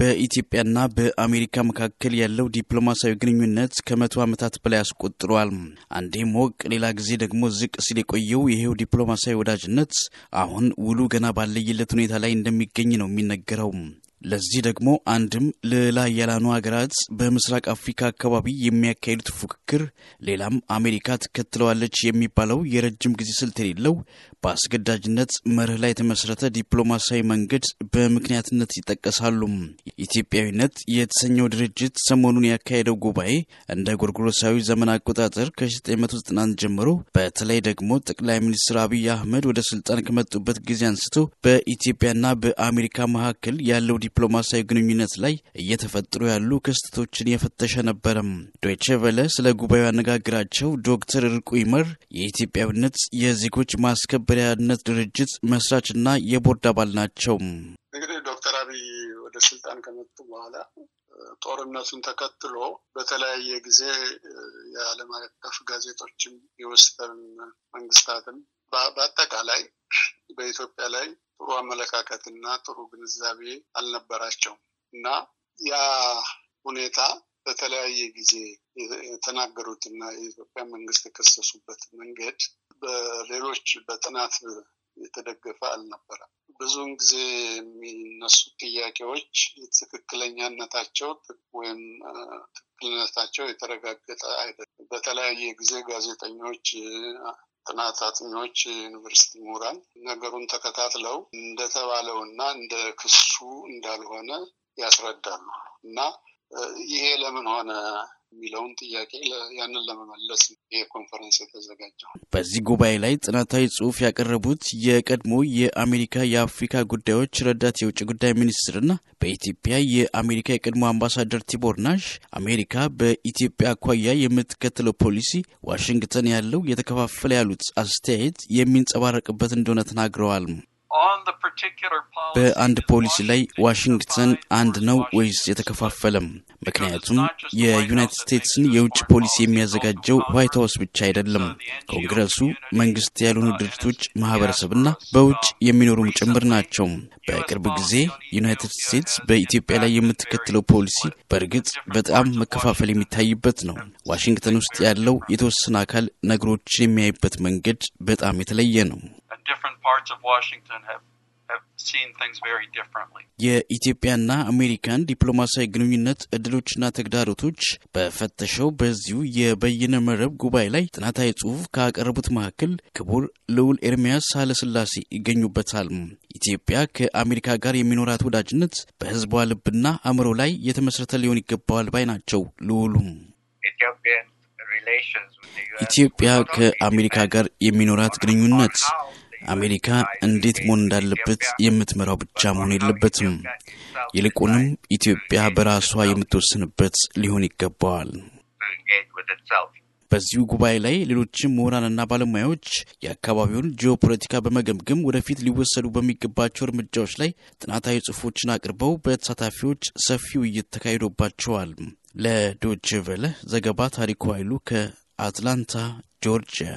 በኢትዮጵያና በአሜሪካ መካከል ያለው ዲፕሎማሲያዊ ግንኙነት ከመቶ ዓመታት በላይ አስቆጥሯል። አንዴ ሞቅ ሌላ ጊዜ ደግሞ ዝቅ ሲል የቆየው ይሄው ዲፕሎማሲያዊ ወዳጅነት አሁን ውሉ ገና ባለየለት ሁኔታ ላይ እንደሚገኝ ነው የሚነገረው። ለዚህ ደግሞ አንድም ሌላ ያላኑ ሀገራት በምስራቅ አፍሪካ አካባቢ የሚያካሂዱት ፉክክር፣ ሌላም አሜሪካ ትከትለዋለች የሚባለው የረጅም ጊዜ ስልት የሌለው በአስገዳጅነት መርህ ላይ የተመሰረተ ዲፕሎማሲያዊ መንገድ በምክንያትነት ይጠቀሳሉ። ኢትዮጵያዊነት የተሰኘው ድርጅት ሰሞኑን ያካሄደው ጉባኤ እንደ ጎርጎሮሳዊ ዘመን አቆጣጠር ከ1991 ጀምሮ በተለይ ደግሞ ጠቅላይ ሚኒስትር አብይ አህመድ ወደ ስልጣን ከመጡበት ጊዜ አንስቶ በኢትዮጵያና በአሜሪካ መካከል ያለው ዲፕሎማሲያዊ ግንኙነት ላይ እየተፈጠሩ ያሉ ክስተቶችን የፈተሸ ነበረም። ዶይቼ ቬለ ስለ ጉባኤው ያነጋግራቸው ዶክተር እርቁ ይመር የኢትዮጵያዊነት የዜጎች ማስከበሪያነት ድርጅት መስራችና የቦርድ አባል ናቸው። እንግዲህ ዶክተር አብይ ወደ ስልጣን ከመጡ በኋላ ጦርነቱን ተከትሎ በተለያየ ጊዜ የዓለም አቀፍ ጋዜጦችም የወስተን መንግስታትም በአጠቃላይ በኢትዮጵያ ላይ ጥሩ አመለካከትና ጥሩ ግንዛቤ አልነበራቸውም እና ያ ሁኔታ በተለያየ ጊዜ የተናገሩትና የኢትዮጵያ መንግስት የከሰሱበት መንገድ በሌሎች በጥናት የተደገፈ አልነበረም። ብዙውን ጊዜ የሚነሱ ጥያቄዎች ትክክለኛነታቸው ወይም ትክክልነታቸው የተረጋገጠ አይደለም። በተለያየ ጊዜ ጋዜጠኞች ጥናት አጥኚዎች፣ ዩኒቨርሲቲ ምሁራን ነገሩን ተከታትለው እንደተባለው እና እንደ ክሱ እንዳልሆነ ያስረዳሉ እና ይሄ ለምን ሆነ የሚለውን ጥያቄ ያንን ለመመለስ ይህ ኮንፈረንስ የተዘጋጀው። በዚህ ጉባኤ ላይ ጥናታዊ ጽሑፍ ያቀረቡት የቀድሞ የአሜሪካ የአፍሪካ ጉዳዮች ረዳት የውጭ ጉዳይ ሚኒስትርና በኢትዮጵያ የአሜሪካ የቀድሞ አምባሳደር ቲቦር ናሽ አሜሪካ በኢትዮጵያ አኳያ የምትከተለው ፖሊሲ ዋሽንግተን ያለው የተከፋፈለ ያሉት አስተያየት የሚንጸባረቅበት እንደሆነ ተናግረዋል። በአንድ ፖሊሲ ላይ ዋሽንግተን አንድ ነው ወይስ የተከፋፈለም? ምክንያቱም የዩናይትድ ስቴትስን የውጭ ፖሊሲ የሚያዘጋጀው ዋይት ሀውስ ብቻ አይደለም። ኮንግረሱ፣ መንግስት ያልሆኑ ድርጅቶች፣ ማህበረሰብና በውጭ የሚኖሩም ጭምር ናቸው። በቅርብ ጊዜ ዩናይትድ ስቴትስ በኢትዮጵያ ላይ የምትከትለው ፖሊሲ በእርግጥ በጣም መከፋፈል የሚታይበት ነው። ዋሽንግተን ውስጥ ያለው የተወሰነ አካል ነገሮችን የሚያይበት መንገድ በጣም የተለየ ነው። የኢትዮጵያና አሜሪካን ዲፕሎማሲያዊ ግንኙነት እድሎችና ተግዳሮቶች በፈተሸው በዚሁ የበይነ መረብ ጉባኤ ላይ ጥናታዊ ጽሑፍ ካቀረቡት መካከል ክቡር ልዑል ኤርሚያስ ሳለስላሴ ይገኙበታል። ኢትዮጵያ ከአሜሪካ ጋር የሚኖራት ወዳጅነት በህዝቧ ልብና አእምሮ ላይ የተመሰረተ ሊሆን ይገባዋል ባይ ናቸው ልዑሉም ኢትዮጵያ ከአሜሪካ ጋር የሚኖራት ግንኙነት አሜሪካ እንዴት መሆን እንዳለበት የምትመራው ብቻ መሆን የለበትም። ይልቁንም ኢትዮጵያ በራሷ የምትወስንበት ሊሆን ይገባዋል። በዚሁ ጉባኤ ላይ ሌሎችም ምሁራንና ባለሙያዎች የአካባቢውን ጂኦፖለቲካ በመገምገም ወደፊት ሊወሰዱ በሚገባቸው እርምጃዎች ላይ ጥናታዊ ጽሑፎችን አቅርበው በተሳታፊዎች ሰፊ ውይይት ተካሂዶባቸዋል። ለዶችቨለ ዘገባ ታሪኩ ኃይሉ ከአትላንታ ጆርጂያ